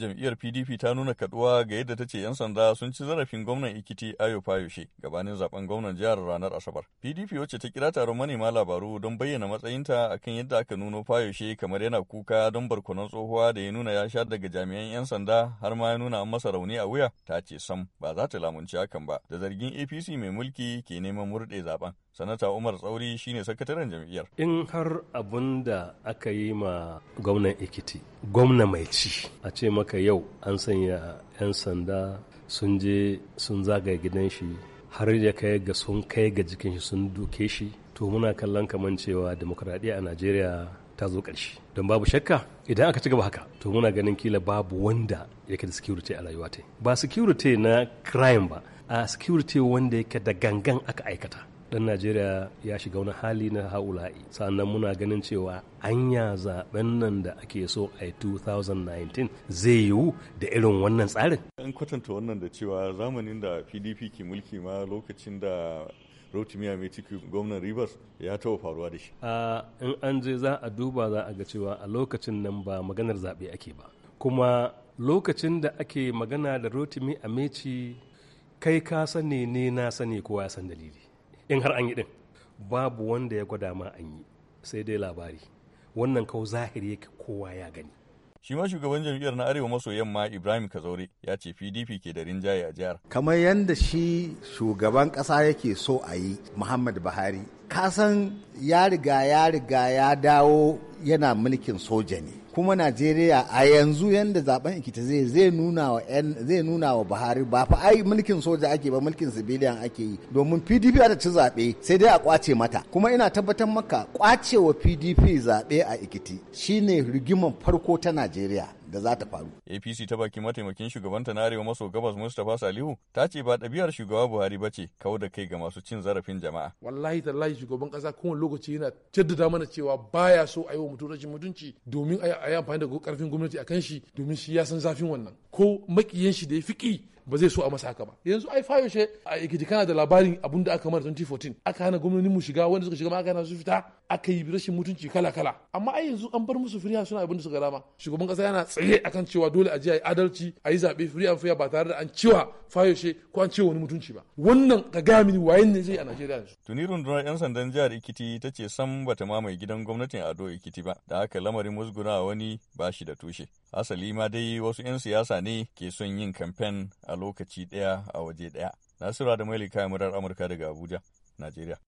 jam'iyyar pdp ta nuna kaduwa ga yadda ta ce 'yan sanda sun ci zarafin gwamnan ikiti ayo fayoshe gabanin zaben gwamnan jihar ranar asabar pdp wacce ta kira taron manema labaru don bayyana matsayinta akan yadda aka nuno fayoshe kamar yana kuka don barkonon tsohuwa da ya nuna ya sha daga jami'an 'yan sanda har ma ya nuna an masa rauni a wuya ta ce sam ba za ta lamunci hakan ba da zargin apc mai mulki ke neman murɗe zaben sanata umar tsauri shine sakataren jam'iyyar in har abun da aka yi ma gwamnan ekiti gwamna mai ci a ce maka yau an sanya 'yan sanda sun je sun zagaye gidan shi har ya kai ga sun kai ga jikin shi sun duke shi to muna kallon kaman cewa demokradiyya a najeriya ta zo ƙarshe don babu shakka idan aka ci gaba haka to muna ganin kila babu wanda yake da security a rayuwa ta ba security na crime ba a security wanda yake da gangan aka aikata dan najeriya ya shiga wani hali na haula'i sannan muna ganin cewa anya zaɓen nan da ake so a 2019 zai yiwu da irin wannan tsarin an kwatanta wannan da cewa zamanin da pdp ke mulki ma lokacin da rotimiya mai ciki gwamnan rivers ya taɓa faruwa da shi in an je za a duba za a ga cewa a lokacin nan ba maganar zaɓe ake ba kuma lokacin da ake magana da rotimi a kai ka sani ne na sani kowa ya san dalili in har an yi din babu wanda ya gwada ma an yi sai dai labari wannan kawo zahiri yake kowa ya gani shi ma shugaban jam'iyyar na arewa maso yamma ibrahim kazaure ya ce pdp ke da rinjaye a jihar kamar yadda shi shugaban kasa yake so a yi muhammad buhari kasan ya riga ya riga ya dawo yana mulkin soja ne kuma najeriya a yanzu yadda zaben ikita zai nuna wa buhari ba fa ai mulkin soja ake ba mulkin civilian ake yi domin pdp ta ci zaɓe sai dai a kwace mata kuma ina tabbatar maka kwacewa pdp zaɓe a ikiti shine rigimar farko ta najeriya da za ta faru. APC ta baki mataimakin shugabanta na Arewa maso gabas Mustapha Salihu ta ce ba ɗabi'ar shugaba Buhari ba ce kawo da kai ga masu cin zarafin jama'a. Wallahi tallahi shugaban ƙasa kowane lokaci yana jaddada mana cewa baya so a yi wa mutum rashin mutunci domin a yi amfani da ƙarfin gwamnati a kan shi domin shi ya san zafin wannan. ko makiyin shi da ya fiki ba zai so a masa haka ba yanzu ai fayo she a ikiji kana da labarin abun da aka mara 2014 aka hana gwamnatin mu shiga wanda suka shiga ma aka hana su fita aka yi rashin mutunci kala kala amma ai yanzu an bar musu firiya suna abin da suka rama shugaban kasa yana tsaye akan cewa dole a ji a yi adalci a yi zaɓe firiya fiya ba tare da an cewa she ko an ce wani mutunci ba wannan ka gaya mini wayen ne zai a najeriya yanzu. tuni rundunar yan sandan jihar ikiti ta ce san bata mamaye gidan gwamnatin ado ikiti ba da haka lamarin musguna wani ba shi da tushe Asali ma dai wasu 'yan siyasa ne ke son yin kamfen a lokaci ɗaya a waje ɗaya. Nasiru da Mailika murar Amurka daga Abuja, Najeriya.